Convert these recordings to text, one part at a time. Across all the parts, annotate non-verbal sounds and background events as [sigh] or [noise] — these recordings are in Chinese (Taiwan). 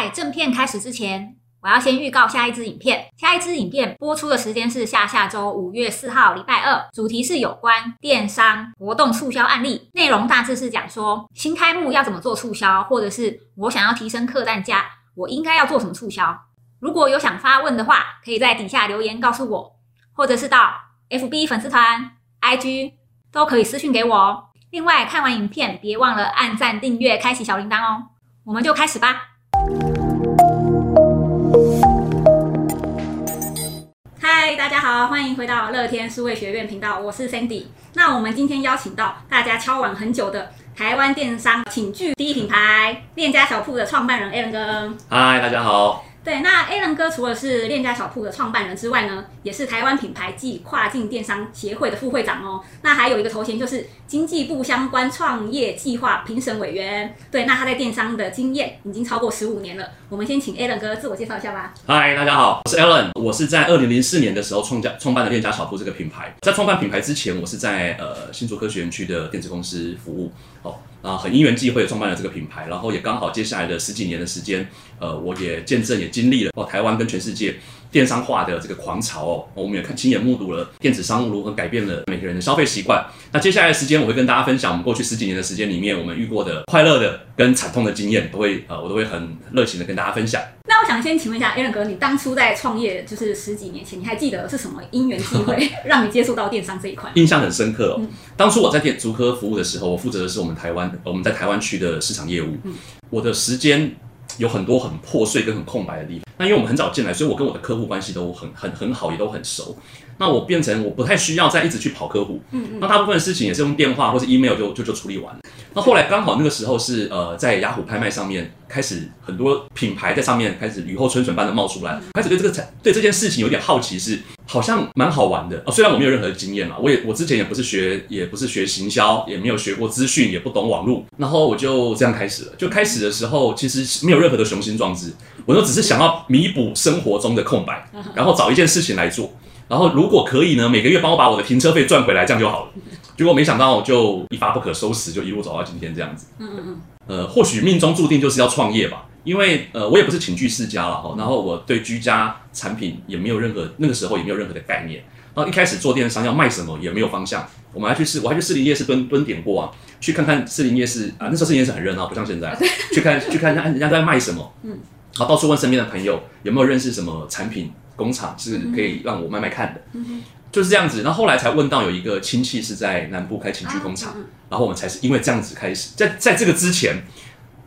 在正片開始之前，我要先預告下一支影片。下一支影片播出的時間是下下周五月四號，禮拜二。主題是有關電商活動促銷案例，內容大致是講說新開幕要怎麼做促銷，或者是我想要提升客單價，我應該要做什麼促銷。如果有想發問的話，可以在底下留言告訴我，或者是到 FB 粉絲團、IG 都可以私訊給我哦。另外看完影片，別忘了按讚、訂閱、開啟小鈴鐺哦。我們就開始吧。嗨，Hi, 大家好，歡迎回到樂天數位學院頻道，我是 Sandy。那我們今天邀請到大家敲碗很久的台灣電商寢具第一品牌戀家小舖的創辦人 Allen 哥。嗨，大家好。對，那 Allen 哥除了是戀家小舖的創辦人之外呢，也是台灣品牌暨跨境電商協會的副會長哦。那還有一個頭銜就是經濟部相關創業計劃評審委員。對，那他在電商的經驗已經超過十五年了。我們先請 Allen 哥自我介紹一下吧。嗨，大家好，我是 Allen。我是在二零零四年的時候創建創辦的戀家小舖這個品牌。在創辦品牌之前，我是在呃新竹科學園區的電子公司服務哦。Oh, 啊，很因緣際會創辦了這個品牌，然後也剛好接下來的十幾年的時間，呃，我也見證也經歷了哦，台灣跟全世界。電商化的這個狂潮哦，我們也看親眼目睹了電子商務如何改變了每個人的消費習慣。那接下來的時間，我會跟大家分享我們過去十幾年的時間裡面，我們遇過的快樂的跟慘痛的經驗，都會呃，我都會很熱情的跟大家分享。那我想先請問一下，Allen 哥，你當初在創業就是十幾年前，你還記得是什麼因緣際會讓你接觸到電商這一塊？印象 [laughs] 很深刻哦。當初我在電竹科服務的時候，我負責的是我們台灣，我們在台灣區的市場業務。嗯、我的時間。有很多很破碎跟很空白的地方。那因為我們很早進來，所以我跟我的客戶關係都很很很好，也都很熟。那我變成我不太需要再一直去跑客戶，那大部分的事情也是用電話或者 email 就就就處理完。那後來剛好那個時候是呃，在雅虎拍賣上面開始很多品牌在上面開始雨後春筍般的冒出來，開始對這個對這件事情有點好奇是，好像蠻好玩的哦。雖然我沒有任何經驗嘛，我也我之前也不是學也不是學行銷，也沒有學過資訊，也不懂網絡，然後我就這樣開始了。就開始的時候其實沒有任何的雄心壯志，我就只是想要彌補生活中的空白，然後找一件事情來做。然後如果可以呢，每個月幫我把我的停車費賺回來，這樣就好了。結果沒想到就一發不可收拾，就一路走到今天這樣子。嗯嗯嗯。呃，或許命中注定就是要創業吧，因為呃，我也不是寢具世家了哈。然後我對居家產品也沒有任何，那個時候也沒有任何的概念。然後一開始做電商要賣什麼也沒有方向，我們還去試，我還去士林夜市蹲蹲點過啊，去看看士林夜市啊，那時候士林夜市很熱鬧，不像現在。去看去看人家在賣什麼，嗯，好，到處問身邊的朋友有沒有認識什麼產品。工廠是可以讓我賣賣看的，就是這樣子。然後後來才問到有一個親戚是在南部開寢具工廠，然後我們才是因為這樣子開始。在在這個之前，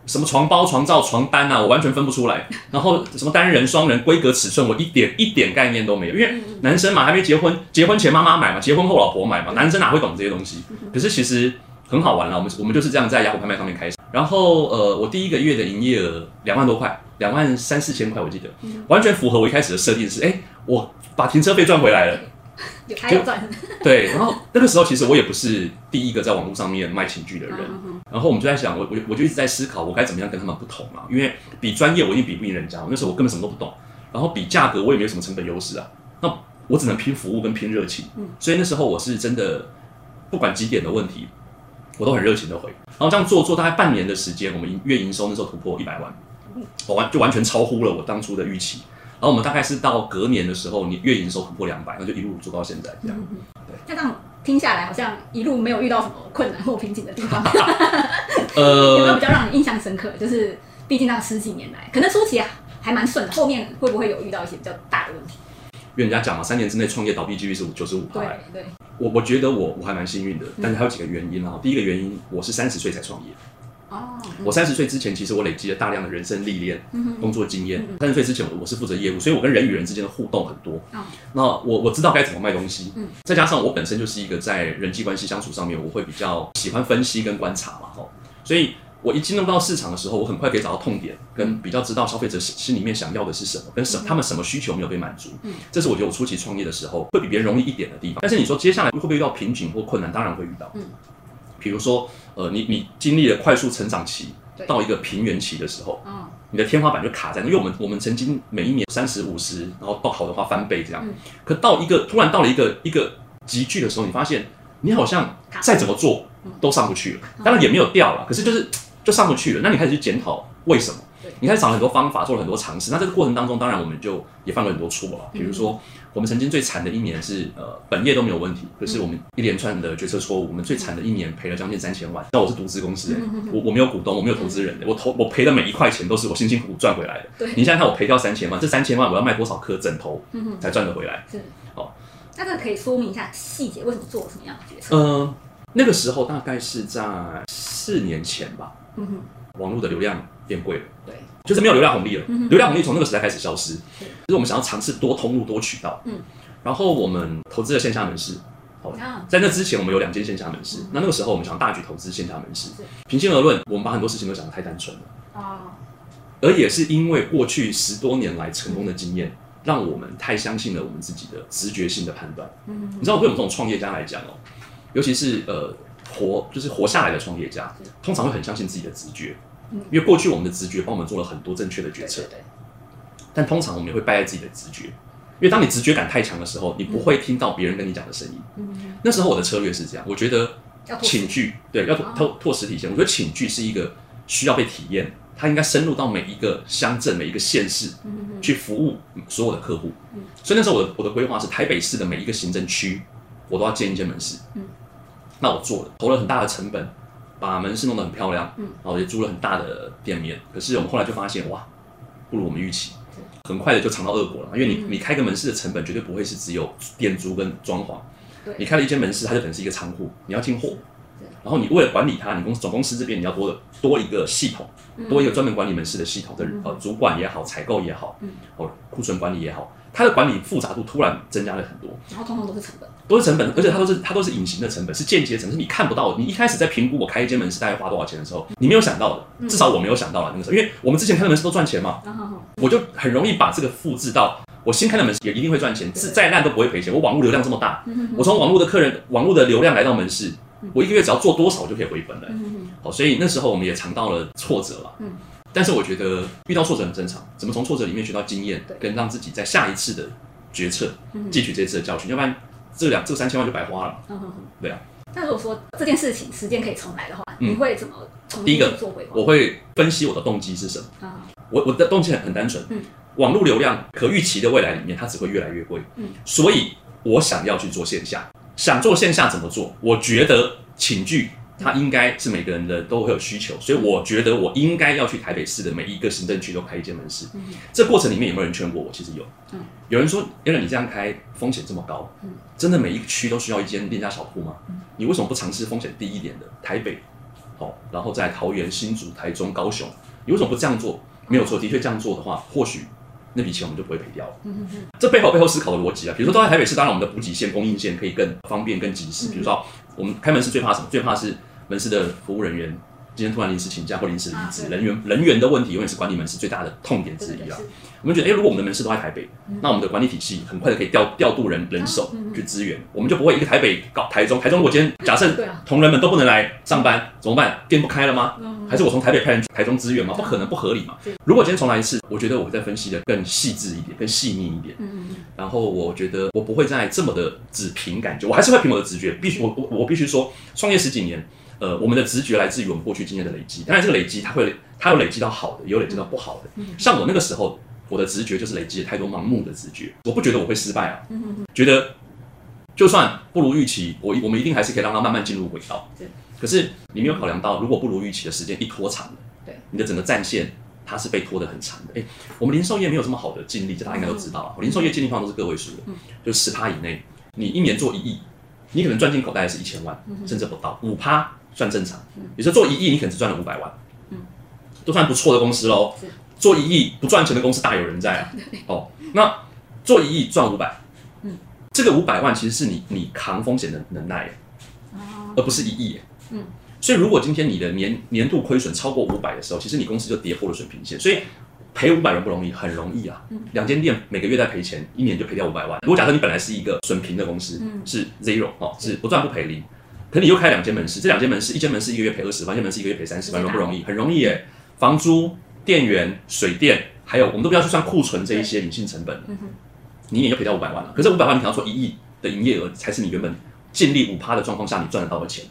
什麼床包、床罩、床單啊，我完全分不出來。然後什麼單人、雙人規格、尺寸，我一點一點概念,都沒有。因為男生嘛，還沒結婚，結婚前媽媽買嘛，結婚後老婆買嘛，男生哪會懂這些東西？可是其實很好玩啦，我們我們就是這樣在雅虎拍賣上面開始。然後呃，我第一個月的營業額兩萬多塊。兩萬三四千塊，我記得、嗯、哼完全符合我一開始的設定是，哎，我把停車費賺回來了，有開了賺。 [laughs] 對，然後那個時候其實我也不是第一個在網絡上面賣情趣的人，嗯、哼哼然後我們就在想，我我我就一直在思考，我該怎麼樣跟他們不同嘛、啊？因為比專業我一定比不贏人家，那時候我根本什麼都不懂，然後比價格我也沒有什麼成本優勢啊，那我只能拼服務跟拼熱情。嗯、所以那時候我是真的不管幾點的問題，我都很熱情的回，然後這樣做做大概半年的時間，我們月營收那時候突破一百萬。我完就完全超乎了我當初的預期，然後我們大概是到隔年的時候，你月營收突破兩百，那就一路做到現在這樣。那、嗯嗯、對這樣聽下來好像一路沒有遇到什麼困難或瓶頸的地方，呃，有沒有比較讓你印象深刻？就是畢竟那十幾年來，可能初期啊還蠻順的，後面會不會有遇到一些比較大的問題？因為人家講嘛，三年之內創業倒閉機率是五九十五，對對。我我覺得我我還蠻幸運的，嗯、但是還有幾個原因啊。第一個原因，我是三十歲才創業。我三十歲之前，其實我累積了大量的人生歷練、工作經驗。三十歲之前，我我是負責業務，所以我跟人與人之間的互動很多。那我我知道該怎麼賣東西。再加上我本身就是一個在人際關係相處上面，我會比較喜歡分析跟觀察嘛，所以我一進入到市場的時候，我很快可以找到痛點，跟比較知道消費者心裡面想要的是什麼，跟什他們什麼需求沒有被滿足。這是我覺得我初期創業的時候會比別人容易一點的地方。但是你說接下來會不會遇到瓶頸或困難？當然會遇到。比如說，呃，你你經歷了快速成長期，對到一個平原期的時候，嗯，你的天花板就卡在那。因為我們我們曾經每一年三十五十，然後到好的話翻倍這樣。嗯、可到一個突然到了一個一個急劇的時候，你發現你好像再怎麼做都上不去了，嗯、當然也沒有掉了，可是就是就上不去了。那你開始去檢討為什麼？你看，找了很多方法，做了很多嘗試。那這個過程當中，當然我們就也犯了很多錯啊。比如說，嗯、哼我們曾經最慘的一年是，呃，本業都沒有問題，嗯、哼可是我們一連串的決策錯誤，我們最慘的一年賠了將近三千萬。那我是獨資公司，嗯、哼哼我我沒有股東，我沒有投資人的，對我投我賠的每一塊錢都是我辛辛苦苦賺回來的。對，你現在看我賠掉三千萬，這三千萬我要賣多少顆枕頭，才賺得回來？是。哦好，那這個可以說明一下細節，為什麼做什麼樣的決策？嗯、呃，那個時候大概是在四年前吧。嗯哼，網絡的流量變貴了。對。就是沒有流量紅利了，流量紅利從那個時代開始消失。就是我們想要嘗試多通路、多渠道。嗯，然後我們投資了線下門市，好在那之前，我們有兩間線下門市。那那個時候，我們想要大舉投資線下門市。平心而論，我們把很多事情都想得太單純了啊。而也是因為過去十多年來成功的經驗，讓我們太相信了我們自己的直覺性的判斷。嗯，你知道，對我們這種創業家來講哦，尤其是呃活就是活下來的創業家，通常會很相信自己的直覺。因為過去我們的直覺幫我們做了很多正確的決策，對對對，但通常我們也會敗在自己的直覺。因為當你直覺感太強的時候，你不會聽到別人跟你講的聲音。嗯、那時候我的策略是這樣，我覺得寢具對，要拓拓實體線，我覺得寢具是一個需要被體驗，它應該深入到每一個鄉鎮、每一個縣市、嗯、去服務所有的客戶。嗯、所以那時候我的我的規劃是台北市的每一個行政區，我都要建一間門市。嗯、那我做了，投了很大的成本。把門市弄得很漂亮，然後也租了很大的店面。可是我們後來就發現，哇，不如我們預期，很快的就嘗到惡果了。因為你，你開個門市的成本絕對不會是只有店租跟裝潢。你開了一間門市，它就等於是一個倉庫，你要進貨。然後你為了管理它，你公司總公司這邊你要多的多一個系統，多一個專門管理門市的系統的人呃主管也好，採購也好，哦，庫存管理也好。它的管理複雜度突然增加了很多，然後通通都是成本，都是成本，而且它都是它都是隱形的成本，是間接成本，是你看不到的。你一開始在評估我開一間門市大概花多少錢的時候，嗯、你沒有想到的，嗯、至少我沒有想到了那個時候，因為我們之前開的門市都賺錢嘛，啊、好好我就很容易把這個複製到我新開的門市也一定會賺錢，是再爛都不會賠錢。我網絡流量這麼大，嗯、哼哼我從網絡的客人網絡的流量來到門市，嗯、我一個月只要做多少就可以回本了。嗯、哼哼好，所以那時候我們也嘗到了挫折了。嗯但是我覺得遇到挫折很正常，怎麼從挫折裡面學到經驗，對跟讓自己在下一次的決策汲、嗯、哼取這次的教訓，要不然這兩這三千萬就白花了。嗯、哼哼對啊。那如果說這件事情時間可以重來的話，嗯、你會怎麼重做回第一個？我會分析我的動機是什麼。啊、嗯哼。我我的動機很很單純。嗯。網絡流量可預期的未來裡面，它只會越來越貴。嗯。所以我想要去做線下，想做線下怎麼做？我覺得請具它應該是每個人的都會有需求，所以我覺得我應該要去台北市的每一個行政區都開一間門市。嗯、這過程裡面有沒有人勸過我？其實有，嗯、有人說：“原來你這樣開風險這麼高，嗯、真的每一區都需要一間戀家小舖嗎？嗯、你為什麼不嘗試風險低一點的台北？哦，然後在桃園、新竹、台中、高雄，你為什麼不這樣做？”沒有錯，的確這樣做的話，或許那筆錢我們就不會賠掉了。嗯嗯、這背後背後思考的邏輯啊，比如說都在台北市，當然我們的補給線、供應線可以更方便、更及時。嗯、比如說我們開門市最怕什麼？最怕是。門市的服務人員今天突然臨時請假或臨時離職，人員、啊、人員的問題永遠是管理門市最大的痛點之一啊。我們覺得、欸，如果我們的門市都在台北，嗯、那我們的管理體系很快就可以調調度人人手去支援，啊嗯、我們就不會一個台北搞台中。台中，如果今天假設同仁們都不能來上班，嗯、怎麼辦？店不開了嗎？還是我從台北派人去台中支援嗎？不可能，不合理嘛。嗯、如果今天重來一次，我覺得我會再分析得更細緻一點，更細膩一點。嗯嗯然後我覺得我不會再這麼的只憑感覺，我還是會憑我的直覺。嗯、必須我我我必須說，創業十幾年，呃，我們的直覺來自於我們過去經驗的累積，當然這個累積它會，它有累積到好的，也有累積到不好的。像我那個時候，我的直覺就是累積了太多盲目的直覺。我不覺得我會失敗啊，嗯、哼哼覺得就算不如預期，我我們一定還是可以讓它慢慢進入軌道。對可是你沒有考量到，如果不如預期的時間一拖長了，對，你的整個戰線它是被拖得很長的。哎，我們零售業沒有這麼好的淨利，這大家應該都知道啊。嗯、哼零售業淨利方都是個位數的，就十趴以內，你一年做一億，你可能賺進口袋是一千萬，嗯、哼甚至不到五趴。算正常，比如說做一億，你可能只賺了五百萬，嗯、都算不錯的公司嘍。是 做一億不賺錢的公司大有人在啊。對哦，那做一億賺五百、嗯，這個五百萬其實是你你扛風險的能耐，哦、而不是一億，嗯、所以如果今天你的年年度虧損超過五百的時候，其實你公司就跌破了水平線。所以賠五百容不容易？很容易啊。嗯、兩間店每個月在賠錢，一年就賠掉五百萬。如果假設你本來是一個損平的公司，嗯、是 zero，哦，是不賺不賠的。可能你又開兩間門市，這兩間門市，一間門市一個月賠二十萬，一間門市一個月賠三十萬，容不,不容易？很容易耶，房租、店員、水電，還有我們都不要去算庫存這一些隱性成本你一年就賠掉五百萬了。可是五百萬，你可能說一億的營業額才是你原本淨利五趴的狀況下你賺得到的錢。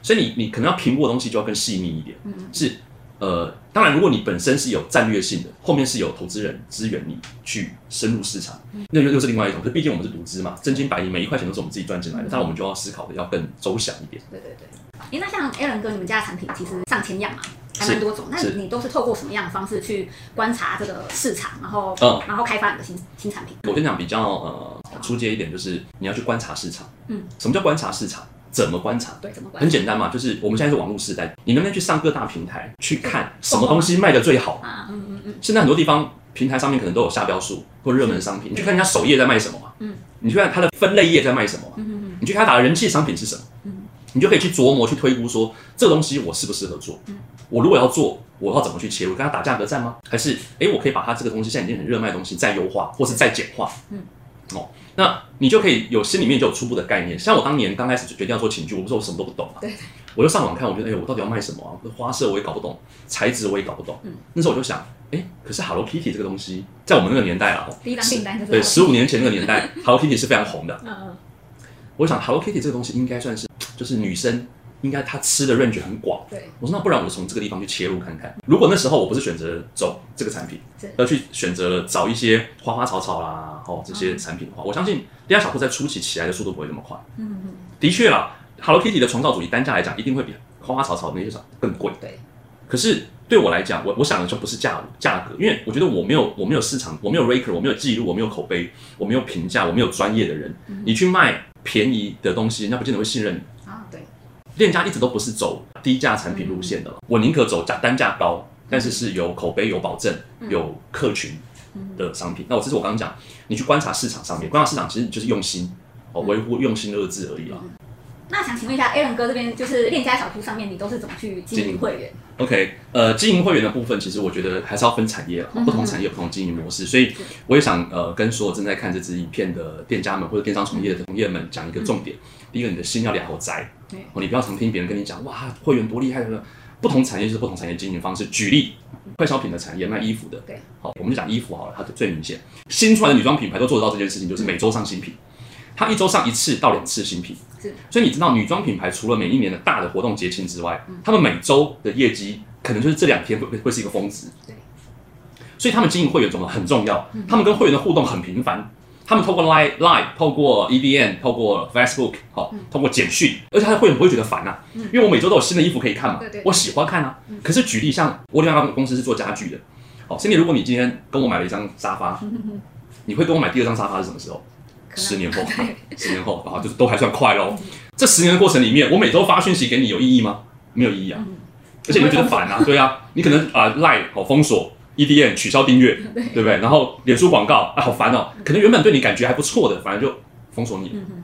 所以你你可能要評估的東西就要更細膩一點。嗯是。呃，當然，如果你本身是有戰略性的，後面是有投資人支援你去深入市場，嗯、那就又是另外一種。就畢竟我們是獨資嘛，真金白銀，每一塊錢都是我們自己賺進來的，當然、嗯、哼我們就要思考的要更周詳一點。對對對。哎、欸，那像 Allen 哥，你們家的產品其實上千樣嘛，還蠻多種。是是，那你都是透過什麼樣的方式去觀察這個市場，然後，嗯、然後開發你的新新產品？我跟你講比較呃初階一點，就是你要去觀察市場。嗯。什麼叫觀察市場？怎麼觀察？對，觀察很簡單嘛，就是我們現在是網絡時代，你能不能去上各大平台去看什麼東西賣的最好？嗯嗯、啊、嗯。嗯，現在很多地方平台上面可能都有下標數或熱門商品，你去看人家首頁在賣什麼、啊嗯、你去看它的分類頁在賣什麼、啊？嗯嗯、你去看它打的人氣商品是什麼？嗯、你就可以去琢磨去推估說，這東西我適不適合做？嗯、我如果要做，我要怎麼去切入？我跟它打價格戰嗎？還是，哎，我可以把它這個東西現在已經很熱賣的東西再優化，或是再簡化？嗯。哦，那你就可以有心裡面就有初步的概念。像我當年剛開始就決定要做寢具，我不是說我什麼都不懂嘛、啊，對，對，我就上網看，我覺得哎呦，我到底要賣什麼啊？花色我也搞不懂，材質我也搞不懂。嗯、那時候我就想，哎、欸，可是 Hello Kitty 這個東西，在我們那個年代啊，第一男男對，十五年前那個年代 [laughs] ，Hello Kitty 是非常紅的。嗯， [laughs] 我想 Hello Kitty 這個東西應該算是就是女生。應該他吃的 range 很廣，對，我說那不然我從這個地方去切入看看。如果那時候我不是選擇走這個產品，要對去選擇找一些花花草草啦，哦這些產品的話，哦、我相信戀家小舖在初期起來的速度不會那麼快。嗯嗯哼，的確啦。Hello Kitty 的床罩組，以單價來講，一定會比花花草草的那些少更貴。對可是對我來講，我我想的就不是價價格，因為我覺得我沒有我沒有市場，我沒有 raker，我沒有記錄，我沒有口碑，我沒有評價，我沒有專業的人，嗯、哼你去賣便宜的東西，人家不見得會信任。戀家一直都不是走低價產品路線的，我寧可走價單價高，但是是有口碑、有保證、有客群的商品。那我這是我剛剛講，你去觀察市場上面，觀察市場其實就是用心哦，維、喔、護用心二字而已了、嗯嗯。那想請問一下 Allen 哥，這邊就是戀家小舖上面，你都是怎麼去經營會員？OK，呃，經營會員的部分，其實我覺得還是要分產業，不同產業不同經營模式。所以我也想呃，跟所有正在看這支影片的店家們，或者電商從業的同業們講一個重點，第一個，你的心要兩豪宅。嗯嗯嗯嗯嗯嗯 Okay. 你不要常聽別人跟你講，哇，會員多厲害。不同產業就是不同產業的經營方式。舉例，快消 Okay. 品的產業，賣衣服的，好，我們就講衣服好了。它最明顯，新出來的女裝品牌都做得到這件事情，就是每周上新品。它一周上一次到兩次新品，是所以你知道，女裝品牌除了每一年的大的活動節慶之外，他、嗯、們每周的業績可能就是這兩天會會是一個峰值。對所以他們經營會員重要很重要，他們跟會員的互動很頻繁。他們透過 Line、Line 透過 EBN、透過 Facebook 透過簡訊，嗯、而且他會不會覺得煩啊，嗯、因為我每周都有新的衣服可以看嘛，對對對我喜歡看啊。嗯、可是舉例像我另外公司是做家具的，所以至如果你今天跟我買了一張沙發，嗯嗯嗯、你會跟我買第二張沙發是什麼時候？可能十年後，對十年後，然後就是都還算快嘍。嗯、這十年的過程裡面，我每周發訊息給你有意義嗎？沒有意義啊，嗯、而且你會覺得煩啊，對啊，你可能啊、uh, Line 好封鎖。EDM 取消訂閱，對不對？對，然後臉書廣告啊，哎，好煩哦！可能原本對你感覺還不錯的，反而就封鎖你。嗯、哼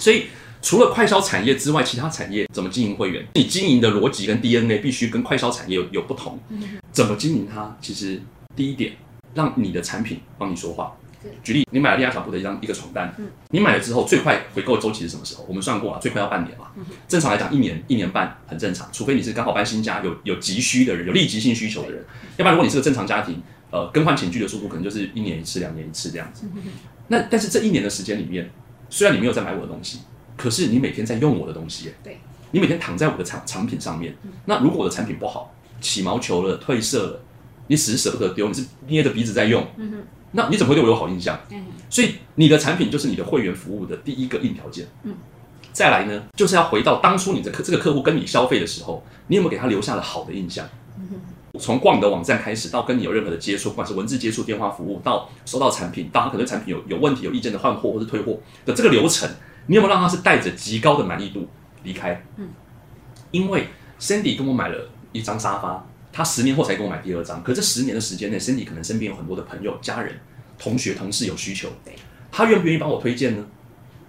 所以除了快消產業之外，其他產業怎麼經營會員？你經營的邏輯跟 DNA 必須跟快消產業有有不同。嗯、哼怎麼經營它？其實第一點，讓你的產品幫你說話。舉例，你買了戀家小舖的一張一個床單，你買了之後最快回購週期是什麼時候？我們算過啊，最快要半年嘛。正常來講，一年一年半很正常，除非你是剛好搬新家，有有急需的人，有立即性需求的人。要不然，如果你是個正常家庭，呃，更換寢具的速度可能就是一年一次、兩年一次這樣子。那但是這一年的時間裡面，雖然你沒有在買我的東西，可是你每天在用我的東西。對，你每天躺在我的產產品上面。那如果我的產品不好，起毛球了、褪色了，你死捨不得丟，你是捏着鼻子在用。那你怎麼會對我有好印象？所以你的產品就是你的會員服務的第一個硬條件。再來呢，就是要回到當初你的客這個客戶跟你消費的時候，你有沒有給他留下了好的印象？從逛你的網站開始，到跟你有任何的接觸，不管是文字接觸、電話服務，到收到產品，到他可能產品有有問題、有意見的換貨或者是退貨的這個流程，你有沒有讓他是帶着極高的滿意度離開？因為 Sandy 跟我買了一張沙發。他十年後才給我買第二張，可這十年的時間內，Sandy 可能身邊有很多的朋友、家人、同學、同事有需求，他願不願意幫我推薦呢？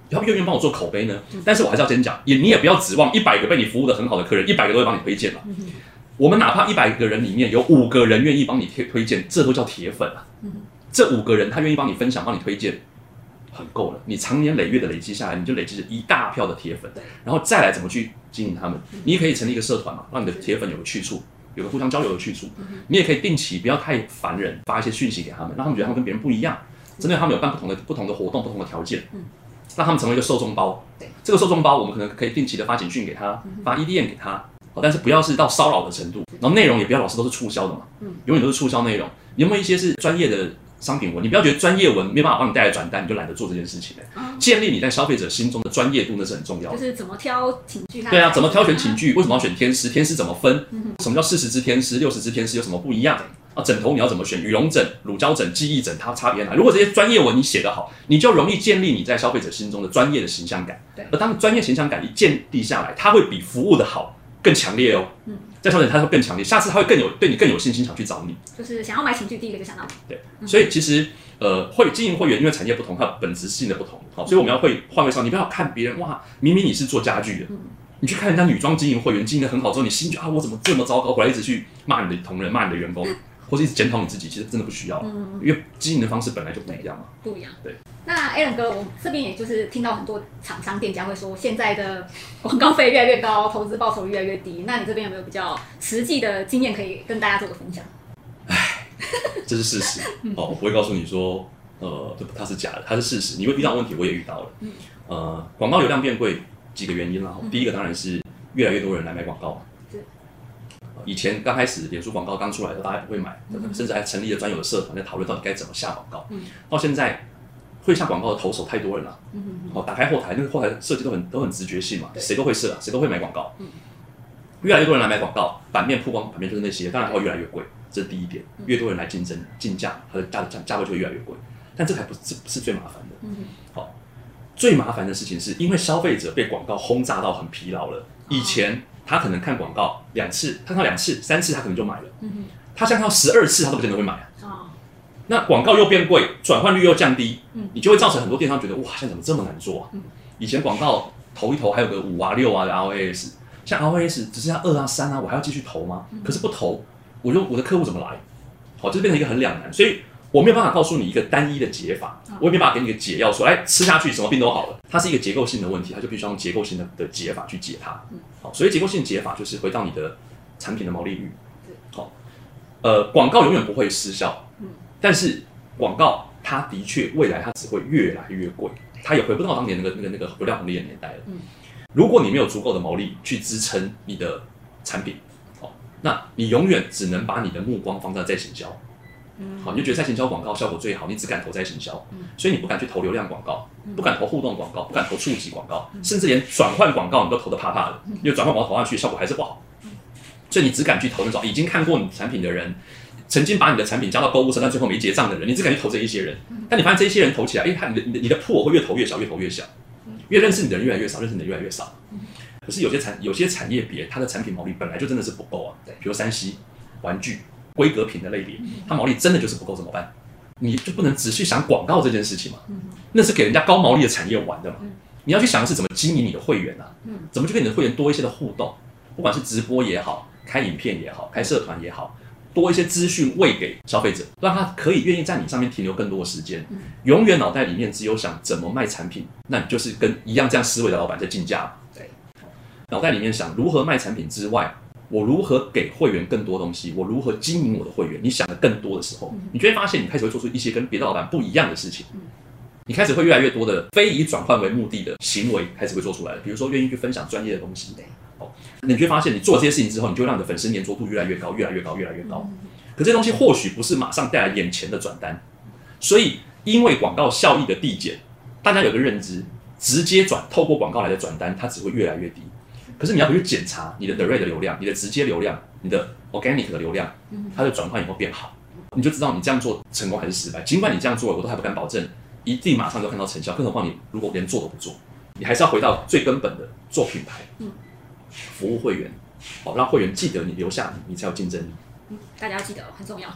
他願不願意幫我做口碑呢？但是我還是要先講，也你也不要指望一百個被你服務的很好的客人，一百個都會幫你推薦嘛、嗯、哼我們哪怕一百個人裡面有五個人願意幫你推推薦，這都叫鐵粉了。嗯、哼這五個人他願意幫你分享、幫你推薦，很夠了。你長年累月的累積下來，你就累積了一大票的鐵粉，然後再來怎麼去經營他們？你可以成立一個社團嘛，讓你的鐵粉有個去處。有個互相交流的去處，你也可以定期不要太煩人，發一些訊息給他們，讓他們覺得他們跟別人不一樣。針對他們有辦不同的不同的活動，不同的條件，讓他們成為一個受眾包。這個受眾包，我們可能可以定期的發簡訊給他，發 EDM 給他，但是不要是到騷擾的程度，然後內容也不要老是都是促銷的嘛，永遠都是促銷內容。有沒有一些是專業的？商品文，你不要覺得專業文沒辦法幫你帶來轉單，你就懶得做這件事情。嗯、建立你在消費者心中的專業度，那是很重要的。就是怎麼挑寢具？對啊，怎麼挑選寢具？為什麼要選天絲？天絲怎麼分？嗯、哼什麼叫四十支天絲？六十支天絲有什麼不一樣？啊，枕頭你要怎麼選？羽絨枕、乳膠枕、記憶枕，它差別哪？如果這些專業文你寫得好，你就容易建立你在消費者心中的專業的形象感。對，而當專業形象感一建立下來，它會比服務的好更強烈哦。嗯。再上他會更強烈，下次他會更有，對你更有信心，想去找你，就是想要買寢具，第一個就想到你。對，所以其實、嗯、呃，會經營會員，因為產業不同，它本質性的不同，好，所以我們要會換位思考，你不要看別人，哇，明明你是做家具的，嗯、你去看人家女裝經營會員經營的很好之後，你心就啊，我怎麼這麼糟糕，回來一直去罵你的同仁，罵你的員工。嗯或是一直檢討你自己，其實真的不需要，嗯、因為經營的方式本來就不一樣嘛。不一樣。對。那 Allen 哥，我這邊也就是聽到很多廠商、店家會說，現在的廣告費越來越高，投資報酬越來越低。那你這邊有沒有比較實際的經驗可以跟大家做個分享？唉，這是事實。 [laughs] 哦，我不會告訴你說，呃，它是假的，它是事實。你會遇到問題，我也遇到了。嗯。呃，廣告流量變貴，幾個原因啦、啊。嗯、第一個當然是越來越多人來買廣告。以前剛開始，臉書廣告剛出來的時候，大家也不會買，甚至還成立了專有的社團在討論到底該怎麼下廣告。到現在，會下廣告的投手太多人了，好，打開後台，那個後台設計都很都很直覺性嘛，誰都會設啊，誰都會買廣告。越來越多人來買廣告，版面曝光，版面就是那些，當然會越來越貴，這是第一點。越多人來競爭，競價，它的價，價位就會越來越貴。但這還不是不是最麻煩的。好，最麻煩的事情是因為消費者被廣告轟炸到很疲勞了，以前。他可能看廣告兩次，看到兩次三次，他可能就買了。嗯哼，他想看十二次，他都不見得會買啊。那廣告又變貴，轉換率又降低，你就會造成很多電商覺得哇，現在怎麼這麼難做啊？以前廣告投一投還有個五啊六啊的 R O S，像 R O S 只剩下二啊三啊，我還要繼續投嗎？可是不投，我就我的客戶怎麼來？好，這變成一個很兩難，所以我沒有辦法告訴你一個單一的解法。我也沒辦法給你個解藥，說哎，吃下去什麼病都好了。它是一個結構性的問題，它就必須要用結構性的的解法去解它。好、嗯，所以結構性解法就是回到你的產品的毛利率。好對，呃，廣告永遠不會失效。嗯、但是廣告它的確未來它只會越來越貴，它也回不到當年那個那個那個流量紅利的年代了。嗯、如果你沒有足夠的毛利去支撐你的產品，好，那你永遠只能把你的目光放在在行銷。好，你就覺得再行銷廣告效果最好，你只敢投再行銷，所以你不敢去投流量廣告，不敢投互動廣告，不敢投觸及廣告，甚至連轉換廣告你都投得怕怕的，因為轉換廣告投上去效果還是不好，所以你只敢去投那種已經看過你產品的人，曾經把你的產品加到購物車但最後沒結賬的人，你只敢去投這一些人。但你發現這一些人投起來，哎，他你的你的破會越投越小，越投越小，越認識你的人越來越少，越認識你的人越來越少。可是有些產有些產業別，它的產品毛利本來就真的是不夠啊，比如 3C 玩具。規格品的類別，它毛利真的就是不夠，怎麼辦？你就不能仔細想廣告這件事情嘛？那是給人家高毛利的產業玩的嘛？你要去想的是怎麼經營你的會員吶、啊？怎麼去跟你的會員多一些的互動？不管是直播也好，開影片也好，開社團也好，多一些資訊餵給消費者，讓他可以願意在你上面停留更多的時間。永遠腦袋裡面只有想怎麼賣產品，那你就是跟一樣這樣思維的老闆在競價。對，腦袋裡面想如何賣產品之外。我如何給會員更多東西？我如何經營我的會員？你想的更多的時候，你就會發現，你開始會做出一些跟別的老板不一樣的事情。你開始會越來越多的非以轉換為目的的行為開始會做出來，比如說願意去分享專業的東西。哦，你就會發現，你做這些事情之後，你就會讓你的粉絲黏着度越來越高，越來越高，越來越高。可這東西或許不是馬上帶來眼前的轉單，所以因為廣告效益的遞減，大家有個認知：直接轉，透過廣告來的轉單，它只會越來越低。可是你要回去檢查你的 direct 的流量，你的直接流量，你的 organic 的流量，它的轉換也會變好，你就知道你這樣做成功還是失敗。儘管你這樣做，我都還不敢保證一定馬上就看到成效。更何況你如果連做都不做，你還是要回到最根本的做品牌，嗯、服務會員，好讓會員記得你，留下你，你才有競爭力。嗯、大家要記得，很重要。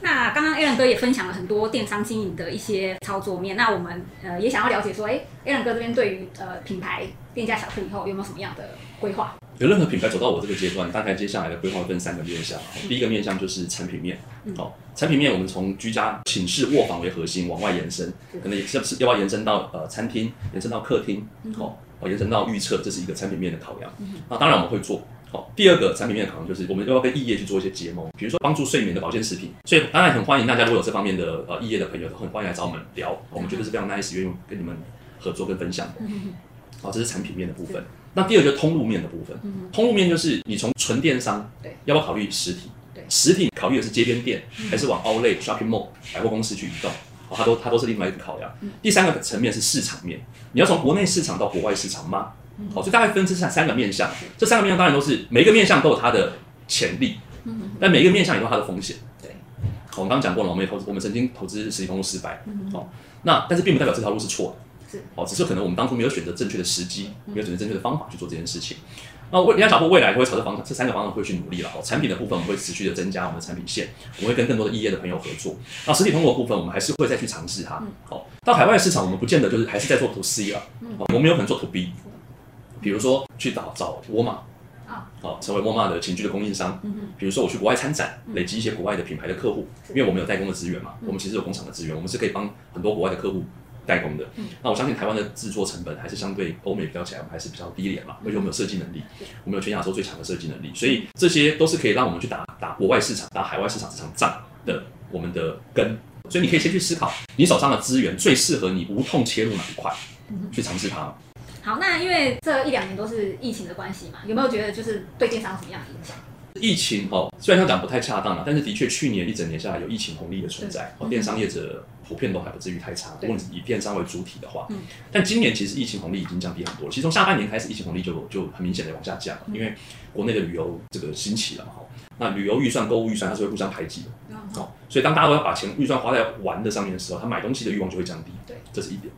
那剛剛 Allen 哥也分享了很多電商經營的一些操作面。那我們呃也想要了解說，哎、欸、，Allen 哥這邊對於呃品牌戀家小舖以後有沒有什麼樣的規劃？有任何品牌走到我這個階段，大概接下來的規劃會分三個面向。第一個面向就是產品面，嗯、哦，產品面我們從居家寢室臥房為核心往外延伸，嗯、可能也是要不要延伸到呃餐廳，延伸到客廳，嗯、哼哦，哦延伸到預測，這是一個產品面的考量。那、嗯哼哦、當然我們會做。好，第二個產品面可能就是我們又要跟異業去做一些結盟，比如說幫助睡眠的保健食品。所以當然很歡迎大家，如果有這方面的呃異業的朋友，都很歡迎來找我們聊。我們覺得是非常 nice，願意跟你們合作跟分享。好，這是產品面的部分。那第二個通路面的部分，通路面就是你從純電商，要不要考慮實體？食實體考慮的是街邊店，還是往 Outlet Shopping Mall、百貨公司去移動？它都它都是另外一個考量。第三個層面是市場面，你要從國內市場到國外市場嗎？好、哦，所以大概分這三三個面向，這三個面向當然都是每一個面向都有它的潛力，但每一個面向也都有它的風險。對，我們剛剛講過了，我們也投資，我們曾經投資實體通路失敗，哦、那但是並不代表這條路是錯的，是、哦，只是可能我們當初沒有選擇正確的時機，沒有選擇正確的方法去做這件事情。那、哦、未，你要假設未來會朝着房產，這三個方向會去努力了。好、哦，產品的部分我們會持續的增加我們的產品線，我們會跟更多的異、e、業的朋友合作。那、哦、實體通路的部分，我們還是會再去嘗試它、哦。到海外市場，我們不見得就是還是在做 to C 了，我們沒有可能做 to B。比如說去找找沃爾瑪，啊，成為沃爾瑪的寢具的供應商。Mm hmm. 比如說我去國外參展，累積一些國外的品牌的客戶，因為我們有代工的資源嘛，mm hmm. 我們其實有工廠的資源，我們是可以幫很多國外的客戶代工的。Mm hmm. 那我相信台灣的製作成本還是相對歐美比較起來還是比較低廉嘛，而且我們有設計能力，mm hmm. 我們有全亞洲最強的設計能力，所以這些都是可以讓我們去打打國外市場、打海外市場這場仗的我們的根。所以你可以先去思考，你手上的資源最適合你無痛切入哪一塊，mm hmm. 去嘗試它。好，那因為這一兩年都是疫情的關係嘛，有沒有覺得就是對電商有什麼樣的影響？疫情哈，雖然他講不太恰當啊，但是的確去年一整年下來有疫情紅利的存在，哦對，電商業者普遍都還不至於太差。對。如果以電商為主體的話，嗯、但今年其實疫情紅利已經降低很多了。其實從下半年開始，疫情紅利就就很明顯的往下降了，嗯、因為國內的旅遊這個興起了嘛，哈。那旅遊預算、購物預算它是會互相排擠的，嗯、所以當大家都要把錢預算花在玩的上面的時候，他買東西的慾望就會降低。對。這是一點。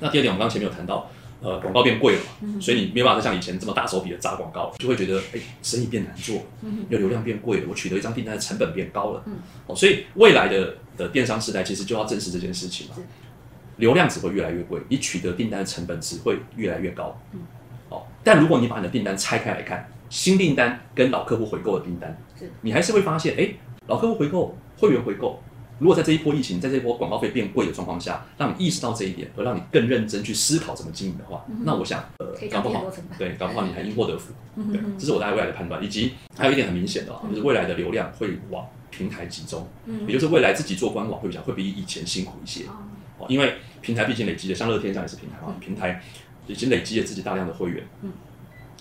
那第二點，我們剛才前面有談到。呃，廣告變貴了嘛，嗯、哼所以你沒辦法像以前這麼大手筆的砸廣告，就會覺得哎、欸，生意變難做，嗯哼，又流量變貴了，我取得一張訂單的成本變高了，嗯哦、所以未來的的電商時代其實就要正視這件事情了是流量只會越來越貴，你取得訂單的成本只會越來越高，嗯哦，但如果你把你的訂單拆開來看，新訂單跟老客戶回購的訂單，是你還是會發現，哎、欸，老客戶回購、會員回購。如果在這一波疫情，在這一波廣告費變貴的狀況下，讓你意識到這一點，和讓你更認真去思考怎麼經營的話，嗯、哼那我想，呃，搞不好，對，搞不好你還因禍得福。嗯、哼對，這是我大概未來的判斷。以及還有一點很明顯的，就是未來的流量會往平台集中，嗯、哼也就是未來自己做官網會比較，會比以前辛苦一些，哦、嗯哼，因為平台畢竟累積的像樂天這樣也是平台嘛，嗯、哼平台已經累積了自己大量的會員，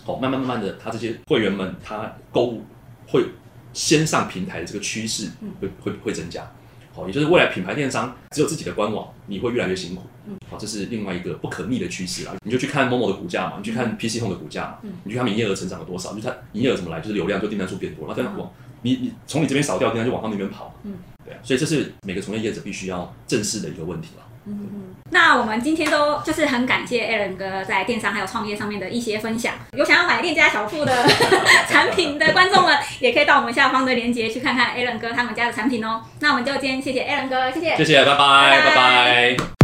好、嗯哼，慢慢慢慢的，他這些會員們他購物會先上平台的這個趨勢、嗯哼，會會會增加。好，也就是未來品牌電商只有自己的官網，你會越來越辛苦。好、嗯，這是另外一個不可逆的趨勢啦。你就去看 Momo 的股價嘛，你去看 PC Home 的股價嘛，嗯、你去看營業額成長了多少？就它營業額怎麼來，就是流量就訂單數變多了，再往、嗯、你你從你這邊掃掉訂單就往他那邊跑。嗯對、啊，所以這是每個從業業者必須要正視的一個問題。嗯嗯。那我們今天都就是很感謝 Allen 哥在電商還有創業上面的一些分享。有想要買戀家小舖的 [laughs] [laughs] 產品的觀眾們，也可以到我們下方的鏈接去看看 Allen 哥他們家的產品哦。那我們就今天謝謝 Allen 哥，謝謝，謝謝，拜拜，拜拜。拜拜。